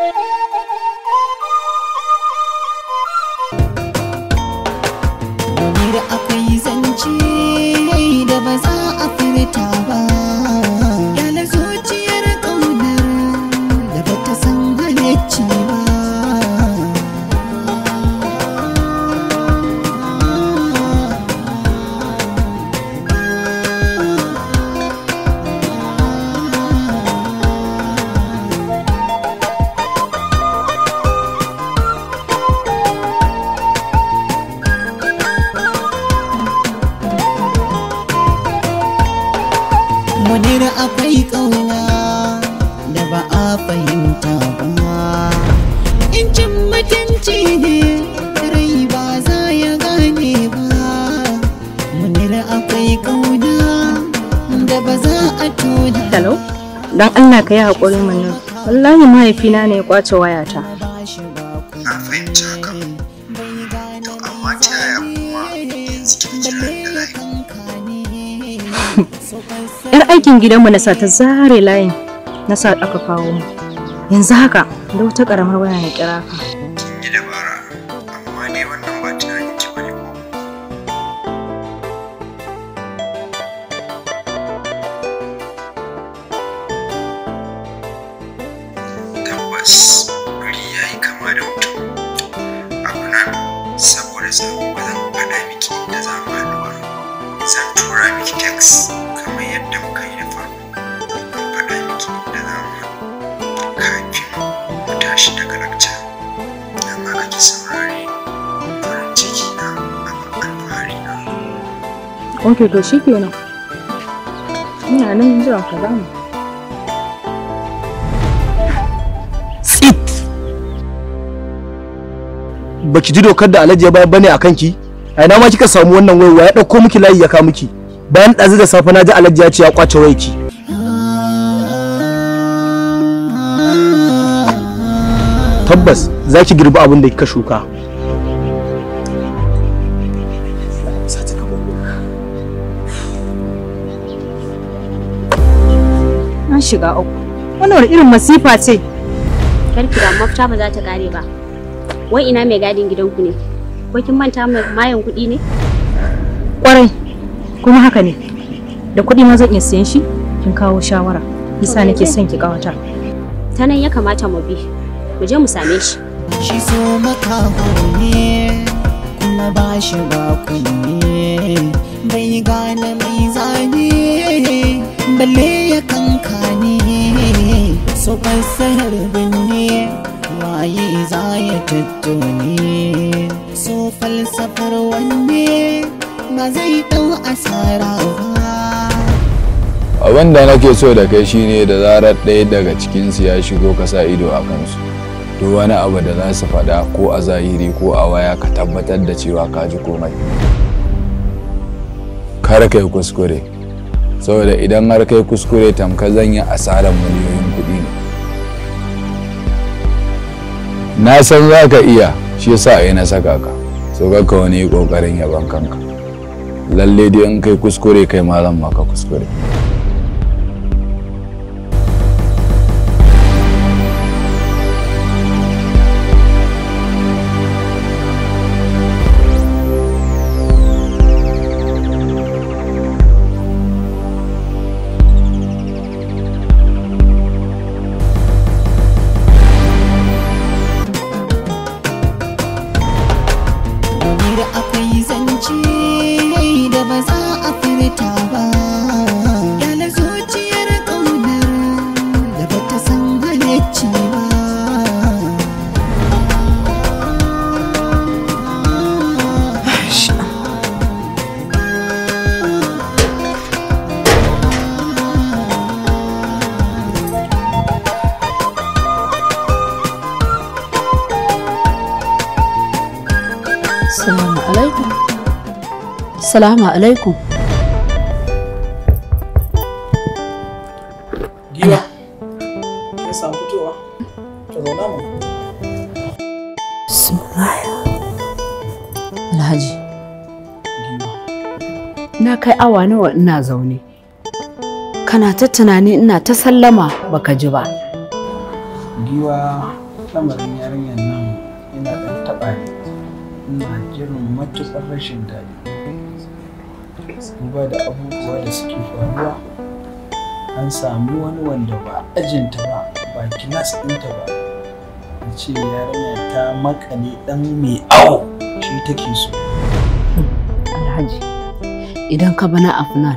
Thank you. akwai hello dan Allah ka yi hakuri mana wallahi mahaifina ne ya kwace wayata na fahimci haka to amma ta yaya kuma yanzu kin jira yar aikin gidanmu na sa ta zare layin na sa aka kawo mu yanzu haka da wata ƙaramar waya ya kira ka kin 6 kamar yadda muka yi da farko mun faɗa miki inda za kafin mu tashi daga lakta amma kake saurare farin ciki na abin alfahari na ok to shi kenan ina nan zuwa ka damu baki ji dokar da alhaji ya bayar bane a kanki a ina ma kika samu wannan wai-wai? ya ɗauko miki layi ya ka miki bayan ɗazu da safe na ji alhaji ya ce ya kwace waiki tabbas za ki girbi abin da kika shuka an shiga uku wani wani irin masifa ce karki da mafita ba za ta kare ba wai ina mai gadin gidanku ne ko kin manta mai mayan kuɗi ne kwarai kuma haka ne da kuɗi ma zan iya siyan shi kin kawo shawara yasa nake son ki kawata ta nan ya kamata mu bi mu je mu same shi shi so maka hore kuma ba shi ba kunne bai gane mai zane balle ya kankane so fasahar binne waye za ya tattone so falsafar wanne zai asara abin da nake so da kai shine da zarar ɗaya daga cikinsu ya shigo ka ido a kansu to wani abu da za su faɗa ko a zahiri ko a waya ka tabbatar da cewa ka ji komai kar kai kuskure saboda idan har kai kuskure tamka zan yi asarar miliyoyin kuɗi ne na san za ka iya shi yasa yi na saka ka so ka wani ƙoƙarin yaban kanka lalle dai in kai kuskure kai malam ma ka kuskure Assalamu alaikum. Giwa, ya samu fitowa, ta zauna mu. Sumaya. Alhaji. Giwa. Na kai awa nawa ina zaune. Kana ta tunani ina ta sallama baka ji ba. Giwa, lamarin yarinyar nan ina ɗan taɓa ina jirin matuƙar rashin daɗi. duba da abubuwa da suke faruwa an samu wani wanda ba ajinta ba ba kilas ɗinta ba a ce yarinya ta makale ɗan mai awo shi take so alhaji idan ka bana afnan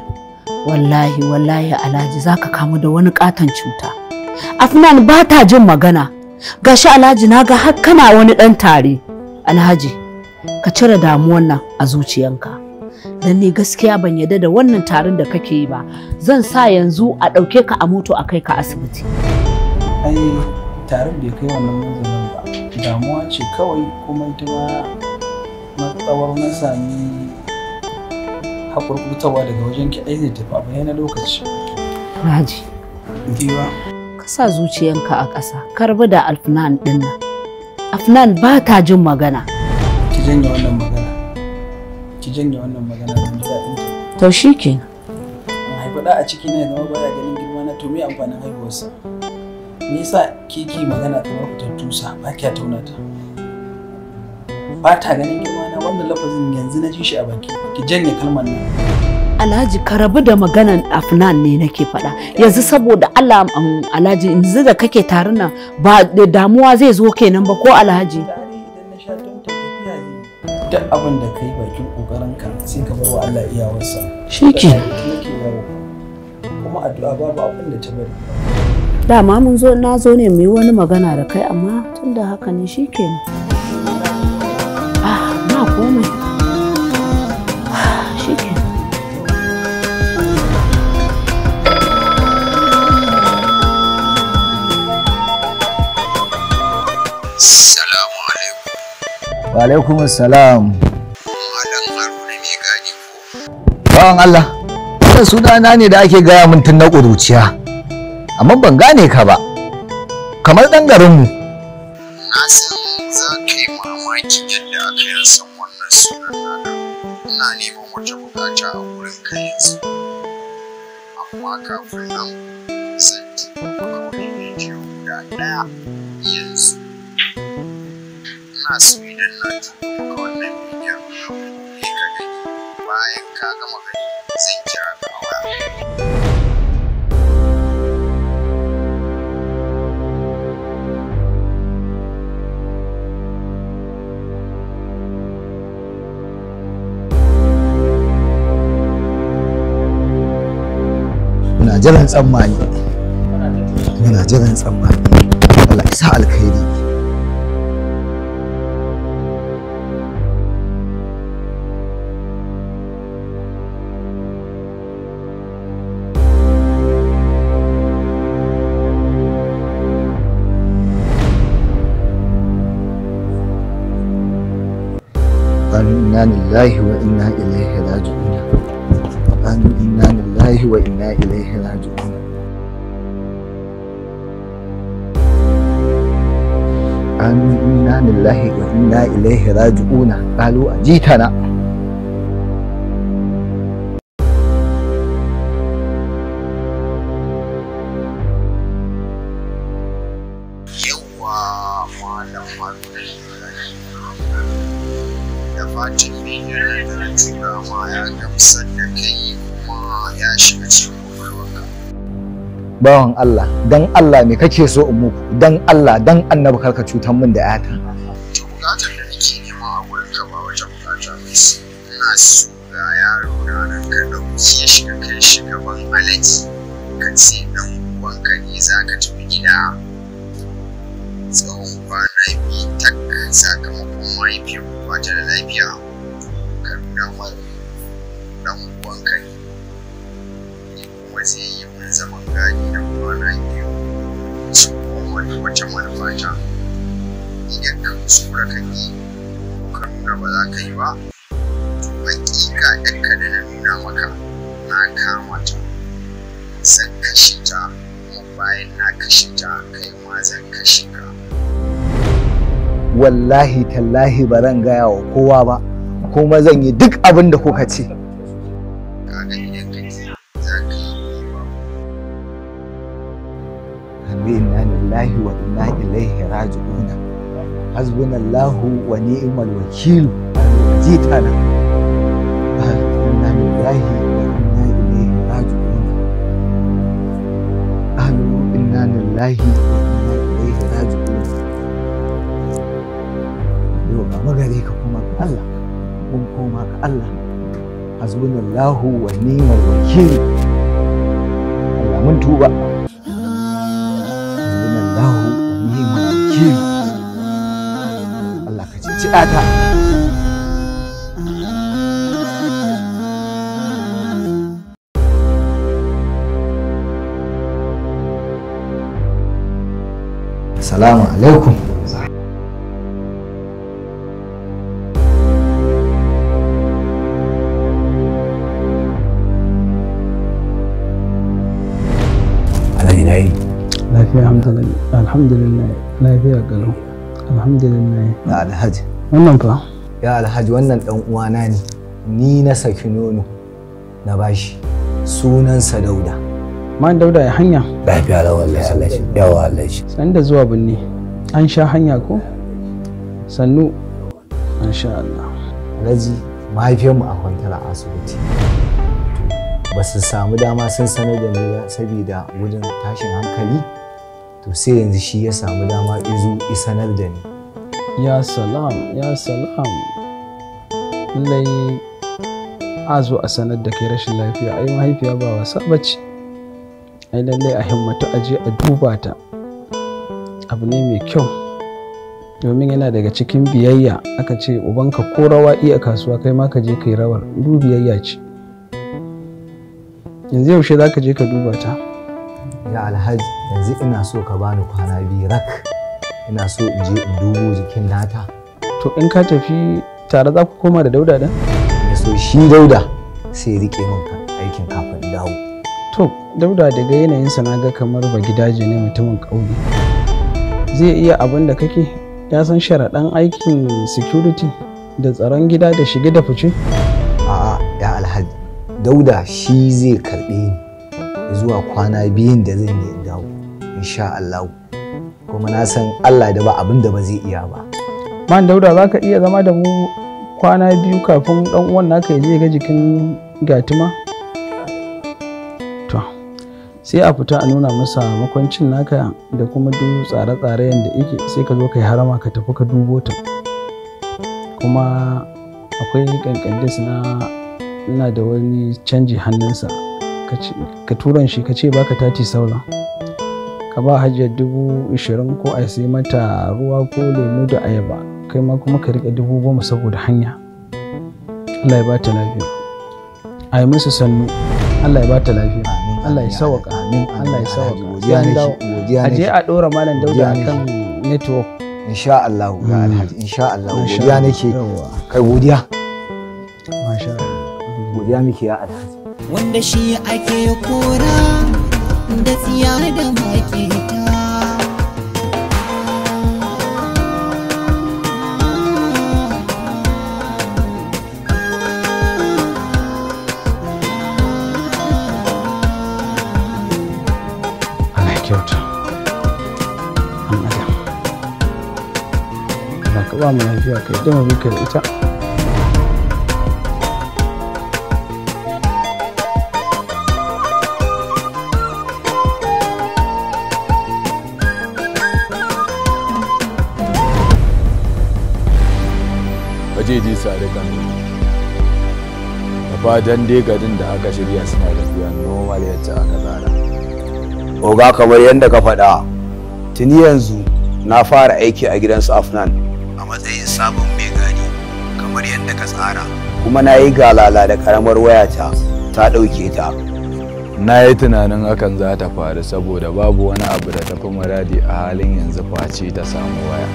wallahi wallahi alhaji za ka kamu da wani katon cuta afnan ba ta jin magana gashi alhaji na ga har kana wani ɗan tare alhaji ka cire damuwan nan a zuciyanka dan ni gaskiya ban yadda da wannan tarin da kake yi ba zan sa yanzu a ɗauke ka a moto a kai ka asibiti ai tarin bai kai wannan manzalin ba damuwa ce kawai kuma ita ma matsawar na sami haƙurƙurtawa daga wajen ki ai ta ba a bayan lokaci raji giwa ka sa zuciyanka a ƙasa karbi da alfinan ɗin nan afnan ba ta jin magana ki janye wannan magana ki janye wannan magana ban ji daɗin ta to shike haifa da a ciki ne zama baya ganin girma na to me amfanin haihuwarsa me yasa ke ki magana kamar ku tattusa ba kya tauna ta ba ta ganin girma na wannan lafazin yanzu na ji shi a baki ki janye kalmar nan Alhaji ka rabu da maganan Afnan ne nake faɗa yanzu saboda Allah um, Alhaji yanzu da kake tare nan ba damuwa zai zo kenan ba ko Alhaji. duk abin da kai yi bakin ƙoƙarinka sai ka bar wa Allah iyawarsa shi ke kuma addu'a babu abin da ta bari dama mun zo na zo ne mu yi wani magana da kai amma tunda haka ne shi ke ah na komai Wa alaikum assalam. Bawan Allah, wannan sunana ne da ake gaya min tun na ƙuruciya. Amma ban gane ka ba. Kamar ɗan garinmu. Na san za ka yi mamakin yadda aka yi san wannan sunan naka. Ina neman wata bukata a wurin ka yanzu. Amma kafin nan, zan tuba kawai bidiyo guda ɗaya yanzu. na sweden na turo wannan bidiyon ne ka gani bayan ka gama gani zan kira ka a waya muna jiran tsammani muna jiran tsammani Allah isa alkhairi inna lillahi wa inna ilaihi raji'un wa qalu inna lillahi wa قالوا إنا لله وإنا إليه راجعون قالوا أجيتنا bawan Allah dan Allah me kake so in muku dan Allah dan annabi karka cutar min da yata bukatar da nake nema a gurin ka ba wata bukata ba ina so ga yaro na nan ka kai alaji ka ce dan ne za ka tafi gida tsawon kwana tak sakamakon mahaifiyar ta da lafiya ka nuna dan ne kuma zai yi gani da kwana biyu su kowane wata manufa idan ka kuskura ka yi ko ka nuna ba za ka yi ba to ɗan ka da na nuna maka na kama ta zan kashe ta bayan na kashe ta kai ma zan kashe ka wallahi tallahi ba zan gaya wa kowa ba kuma zan yi duk abin da kuka ce. lillahi wa inna ilaihi raji'un hasbunallahu wa ni'mal wakil inna lillahi wa inna ilaihi raji'un ahlu inna lillahi wa inna ilaihi raji'un ga magare ka kuma ga Allah mun koma ga Allah hasbunallahu السلام عليكم علينا ايه لا في الحمد لله الحمد لله لا في قلوب alhamdulillah alhaji wannan fa ya alhaji wannan dan uwana ne ni na saki nono na bashi sunansa dauda man dauda ya hanya lafiya la wallahi alhaji yawa alhaji san da zuwa binne an sha hanya ko sannu Allah alhaji mahaifiyarmu a kwantar a asibiti ba su samu dama sun sanar da ni saboda gudun tashin hankali to sai yanzu shi ya samu dama izu isanar da ni ya salam ya salam lai a zo a sanar da kai rashin lafiya ai mahaifiya ba wasa bace ai lallai a himmatu a je a duba ta abu ne mai kyau domin yana daga cikin biyayya aka ce ubanka ko rawa iya kasuwa kai ma ka je kai rawar du biyayya ce yanzu yaushe za ka je ka duba ta ya alhaji yanzu ina so ka bani kwana biyu rak ina so in je in dubo jikin nata to in ka tafi tare za ku koma da dauda da ya so shi dauda sai rike min aikin kafin dawo to dauda daga yanayinsa na ga kamar ba gidaje ne mutumin ƙauye zai iya abin da kake ya san sharaɗan aikin security da tsaron gida da shige da fice a'a ya alhaji dauda shi zai karɓe ni zuwa kwana biyun da zan yi dawo insha Allah kuma na san Allah da ba abin da ba zai iya ba man dauda za ka iya zama da mu kwana biyu kafin dan uwan naka ya je ga jikin gatima to sai a fita a nuna masa makwancin naka da kuma duk tsare-tsare yadda yake sai ka zo ka yi harama ka tafi ka dubo ta kuma akwai kankandis na ina da wani canji hannunsa ka turan shi ka ce baka tati saura ka ba hajjar dubu ishirin ko a sai mata ruwa ko lemu da ayaba kai ma kuma ka rika dubu goma saboda hanya Allah ya bata lafiya a yi musu sannu Allah ya bata lafiya Allah ya sawaka Allah ya sawaka a je a ɗora malam dauda a kan network insha Allah ga hmm. alhaji insha Allah godiya nake kai godiya masha Allah godiya muke ya alhaji wanda shi ake kora da tsiyar da makita ana kyauta an adam ba ka ba mu lafiya kai dama muka ita zai je sare kano da fatan dai garin da aka shirya suna tafiya normal yadda aka tsara oga kamar yadda ka faɗa tuni yanzu na fara aiki a gidan afnan a matsayin sabon mai gadi kamar yadda ka tsara kuma na yi galala da karamar wayata ta ɗauke ta na yi tunanin hakan za ta faru saboda babu wani abu da tafi muradi a halin yanzu face ta samu waya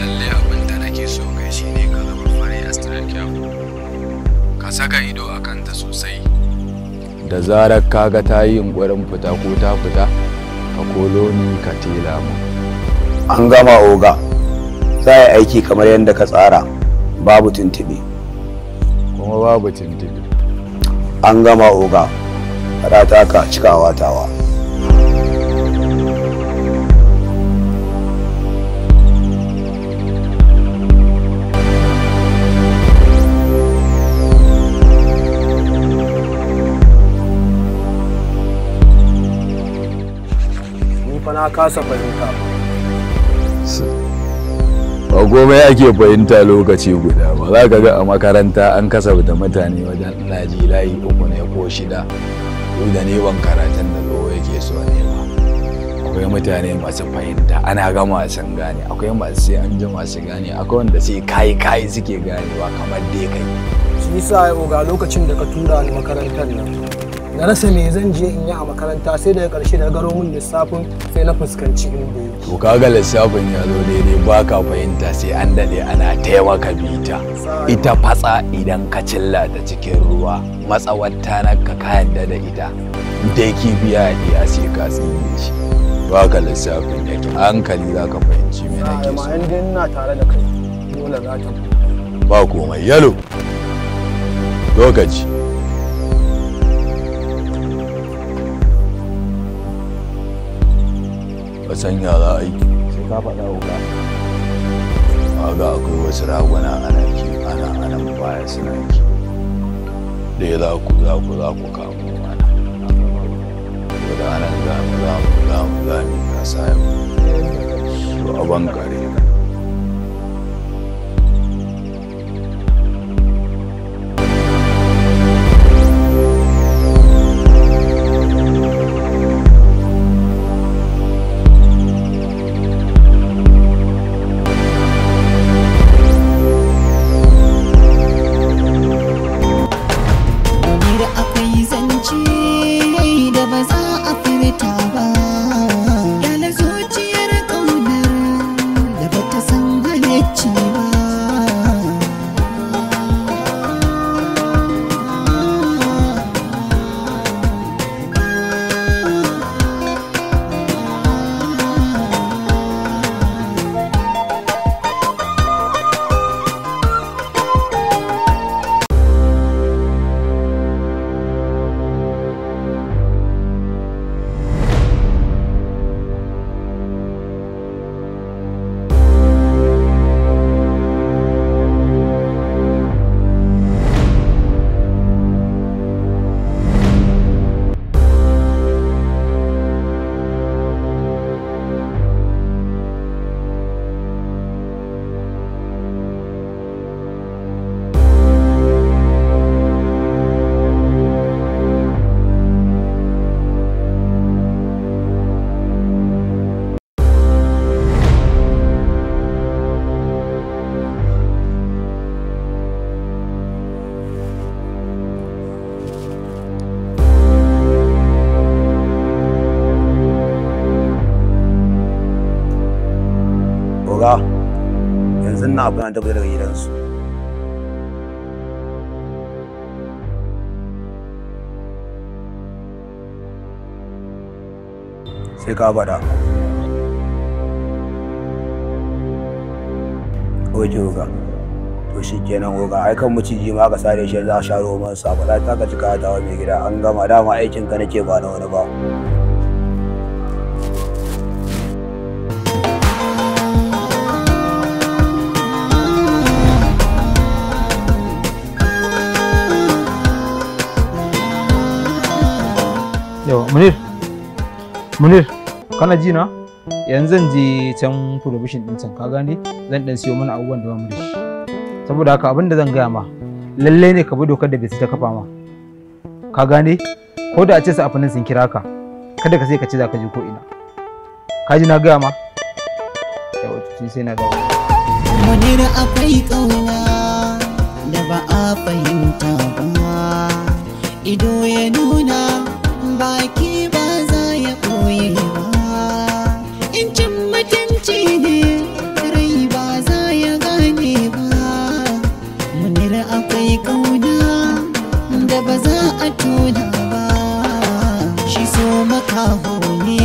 lalle abin da nake so kai shine saka ido a kanta sosai da zarar kaga ta yi yunƙurin fita ko ta fita ka kolo ni ka tela mu an gama oga za a yi aiki kamar yadda ka tsara babu tuntuɓe kuma babu tuntuɓe an gama oga ka cikawa tawa na kasa fahimta ba gobe ake fahimta lokaci guda ba za ka ga a makaranta an da mutane wajen laji layi uku ne ko shida duk da neman karatun da zo yake so nema akwai mutane masu fahimta ana gama sun gane akwai masu sai an ji masu gane akwai wanda sai kayi kayi suke ganewa kamar dai kai shi yasa ga lokacin da ka tura ni makarantar nan na rasa me zan je in yi a makaranta sai daga ƙarshe da garo min lissafin sai na fuskanci in yake to kaga lissafin ya zo daidai ba ka fahimta sai an dade ana taimaka bita ita fatsa idan ka cilla ta cikin ruwa matsawar tanar ka yadda da ita dai kibiya ya sai ka tsire shi ba ka lissafin da yake hankali za ka fahimci me ke so amma in ina tare da kai dole za ta ba komai yalo lokaci san ya za a yi sai ka faɗa wuka ga akwai wasu raguna nan ki ana anan baya suna ki ya za ku za ku za ku kamo ana da nan za mu za mu za mu za mu ka sa yau su a kare na abin da daga gidansu sai ka faɗa oke oga to shi kenan oga ai kan maciji ma ka sare shi za a sha romansa sa ba za ta ka cika ta mai gida an gama dama aikin ka nake ba na wani ba munir munir kana ji na yanzu zan je can provision din can ka gane zan dan siyo mana abubuwan da ba mu da shi saboda haka abin da zan gaya ma lalle ne ka bi dokar da bai ta kafa ma ka gane ko da a ce sa'afanin sun kira ka kada ka sai ka ce za ka je ko ina ka ji na gaya ma yawa sai na dawo munir akwai kauna da ba a fahimta ba ido ya nuna baki ba za ya ɓoye ba in cin mutunci ne rai ba za ya gane ba munir akwai kauna da ba za a tona ba shi so makaho ne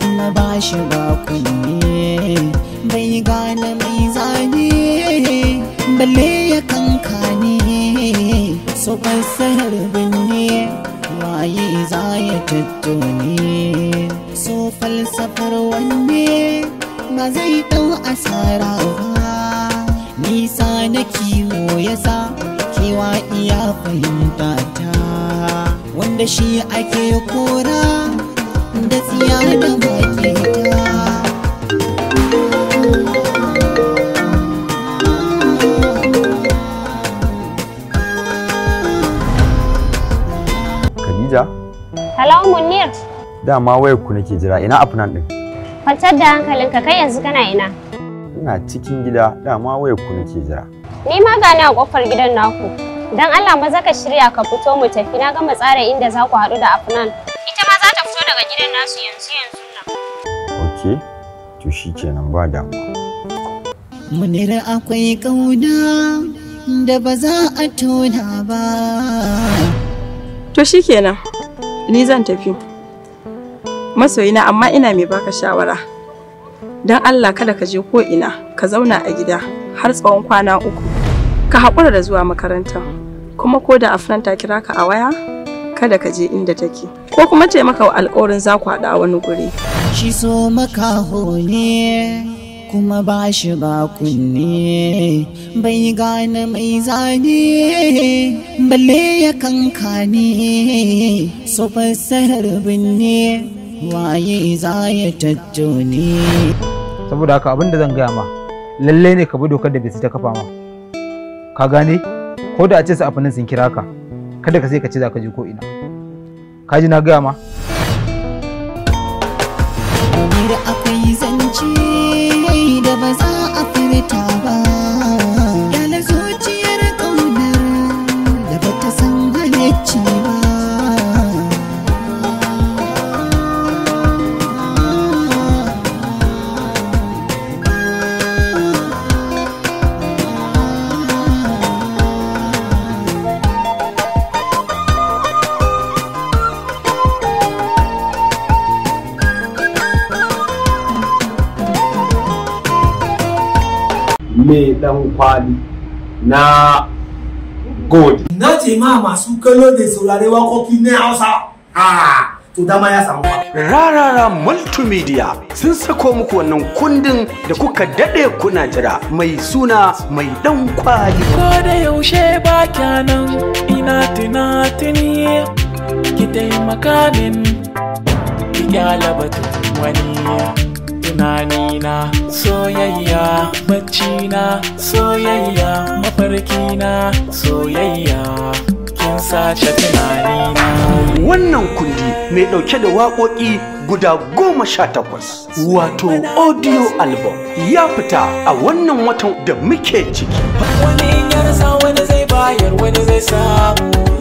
kuma ba shi ba kunne bai gane mai zane balle ya kankane so fassarar binne waye za ya so falsafar wanne ba zai dau asara ba nisa na kiwo ya sa kewa iya fahimta ta wanda shi ake kora da tsiya da baki ta Hello Munir. Dama wayar ku nake jira ina afnan din. Kwantar da hankalinka kai yanzu kana ina. Ina cikin gida dama wayar ku nake jira. Ni ma ga na kofar gidan naku. Dan Allah maza ka shirya ka fito mu tafi na gama tsara inda za ku haɗu da afnan. Ita ma za ta fito daga gidan nasu yanzu yanzu nan. Okay. To shikenan ba damuwa. Munira akwai ƙauna da ba za a tona ba. To shikenan. ni zan tafi masoyina amma ina mai baka shawara don allah kada ka je ko ina ka zauna a gida har tsawon kwana uku ka haƙura da zuwa makaranta kuma ko da afran ta kira ka a waya kada ka je inda take ko kuma taimaka wa alƙawarin za ku haɗa a wani guri shi so maka kuma ba shi ba kunne bai gane mai zane balle ya kankane su fassarar binne waye za ya tattone saboda haka abin zan gaya ma lalle ne ka bi dokar da bai ta kafa ma ka gane ko da a ce afinin sun kira ka kada ka sai ka ce za ka je ko ina ka ji na gaya ma akwai zance ba za a firita ba dan kwali na gold na ce ma masu kallo da saurare wakoki na hausa ah to dama ya samu rarara multimedia sun sako muku wannan kundin da kuka dade kuna jira mai suna mai dan kwali ko da yaushe ba kyanan ina tunatuni ki taimaka min ki gyala batun wani Tunani na soyayya bacci na soyayya mafarki na soyayya kin sace tunani na. wannan kundi mai ɗauke da waƙoƙi guda goma sha takwas wato audio album ya fita a wannan watan da muke ciki wani yarsa wani zai bayar wani zai samu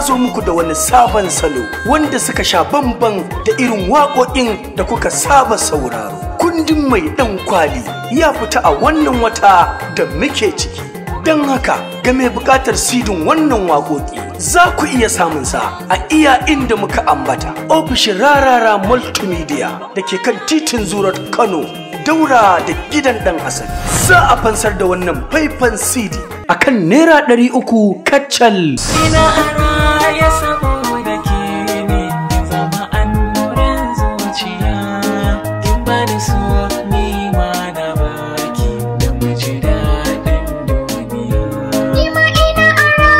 zo muku da wani sabon salo wanda suka sha bamban da irin waƙoƙin da kuka saba sauraro. Kundin mai ɗan kwali ya fita a wannan wata da muke ciki. Don haka ga mai buƙatar sidin wannan waƙoƙi za ku iya samun sa a iya inda muka ambata. Ofishin Rarara Multimedia da ke kan titin Zurat Kano daura da gidan ɗan asali. Za a fansar da wannan faifan CD. akan naira ɗari uku kacal. ya saboda ke ne zama annoran zuciya in ba da so na baki da mace daɗin duniya ni ma ina ara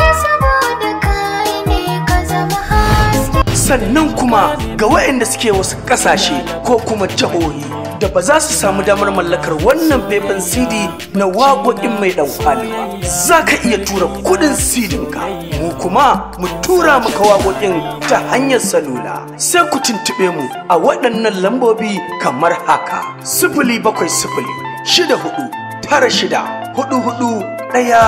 ya saboda kai ne ka zama haske sannan kuma ga waɗanda suke wasu ƙasashe ko kuma jihohi da ba za su samu damar mallakar wannan faifan cd na waƙoƙin mai ɗaukali ba za ka iya tura kuɗin cd ka kuma mu tura maka waƙoƙin ta hanyar salula sai ku tuntuɓe mu a waɗannan lambobi kamar haka sifili bakwai sifili shida hudu tara shida hudu hudu ɗaya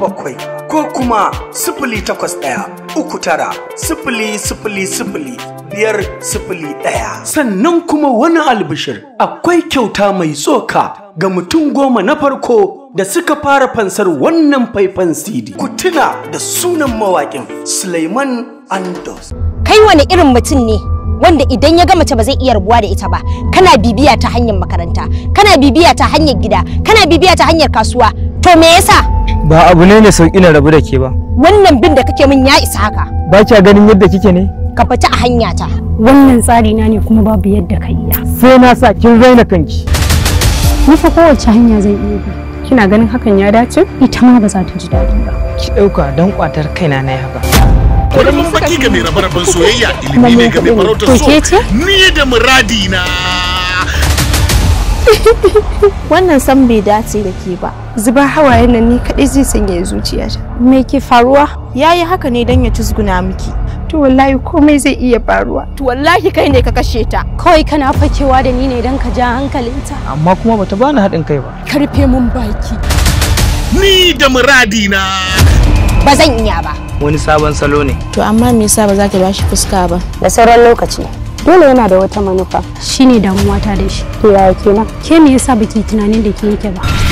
bakwai ko kuma sifili takwas ɗaya uku tara sifili sifili sifili biyar sifili ɗaya. Sannan kuma wani albishir akwai kyauta mai tsoka ga mutum goma na farko da suka fara fansar wannan faifan CD. Ku tuna da sunan mawaƙin Suleiman Andos. Kai wani irin mutum ne? wanda idan ya ga mace ba zai iya rabuwa da ita ba kana bibiya ta hanyar makaranta kana bibiya ta hanyar gida kana bibiya ta hanyar kasuwa to me yasa ba abu ne mai sauki na rabu da ke ba wannan bin da kake min ya isa haka ba kya ganin yadda kike ne ka fita a hanya ta. Wannan tsari na ne kuma babu yadda ka iya. Sai na sa kin raina kanki. Ni fa kowace hanya zan iya bi. Kina ganin hakan ya dace? Ita ma ba za ta ji daɗi ba. Ki ɗauka don ƙwatar kaina na haka. Kudumin baki ga mai rabe soyayya ilimi ne ga mai farautar so. Ni da muradi na. Wannan san bai dace da ke ba. Zuba hawayen nan ni kaɗai zai sanya zuciyata. Me ke faruwa? Ya yi haka ne don ya cizguna miki. to wallahi komai zai iya faruwa to wallahi kai ne ka kashe ta kawai kana fakewa da ni ne don ka ja hankalinta amma kuma bata bani haɗin kai ba karfe mun baki ni da muradi na ba zan iya ba wani sabon salo ne to amma me yasa ba za ka bashi fuska ba da sauran lokaci dole yana da wata manufa shine damuwata da shi to ya kenan ke me yasa baki tunanin da ke yake ba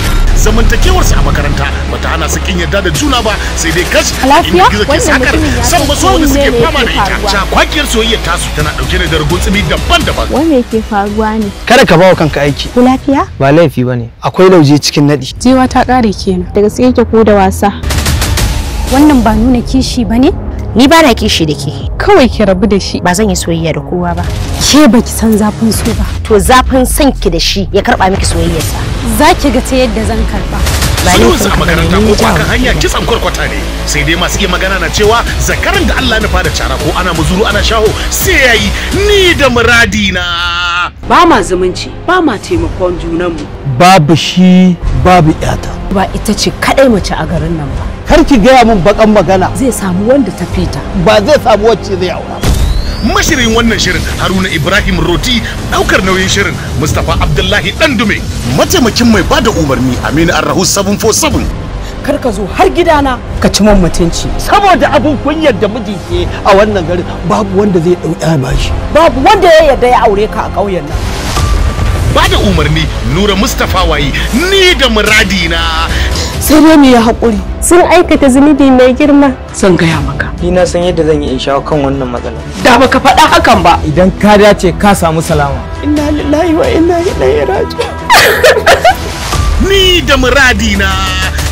zamantakewar su a makaranta bata hana su kin yarda da juna ba sai dai kash inda gizo ke sakar san ba su suke fama da ita kwakiyar soyayya tasu tana dauke da dargun tsimi daban-daban wai me yake faruwa ne kada ka ba wa kanka aiki ku lafiya ba laifi bane akwai lauje cikin nadi jiwa ta kare kenan daga sai yake ko da wasa wannan ba nuna kishi bane ni ba na kishi da ke kawai ki rabu da shi ba zan yi soyayya da kowa ba ke baki san zafin so ba to zafin san ki da shi ya karba miki soyayyar za ki ga ta yadda zan karba Zuwansa a makaranta ko ba kan hanya san kwarkwata ne sai dai masu ke magana na cewa zakaran da Allah nufa da cara ko ana muzuru ana shaho sai yayi ni da muradi na ba ma zumunci ba ma taimakon junanmu babu shi babu yata ba ita ce kadai mace a garin nan ba kar ki gaya min bakan magana zai samu wanda ta fita ba zai samu wacce zai aura mashirin wannan shirin haruna ibrahim roti daukar nauyin shirin mustapha abdullahi dandume mataimakin mai bada umarni aminu arrahu 747 kar ka zo har gidana ka ci man mutunci saboda abin kunyar da miji ke a wannan garin babu wanda zai dauka bashi babu wanda ya yarda ya aure ka a ƙauyen nan Bada umarni nura mustapha wayi ni da muradina. sai dai mu yi haƙuri sun aikata zunubi mai girma sun gaya maka ni na san yadda zan yi in shawo kan wannan matsala da baka faɗa hakan ba idan ka dace ka samu salama inna lillahi wa inna ilaihi raji ni da muradi na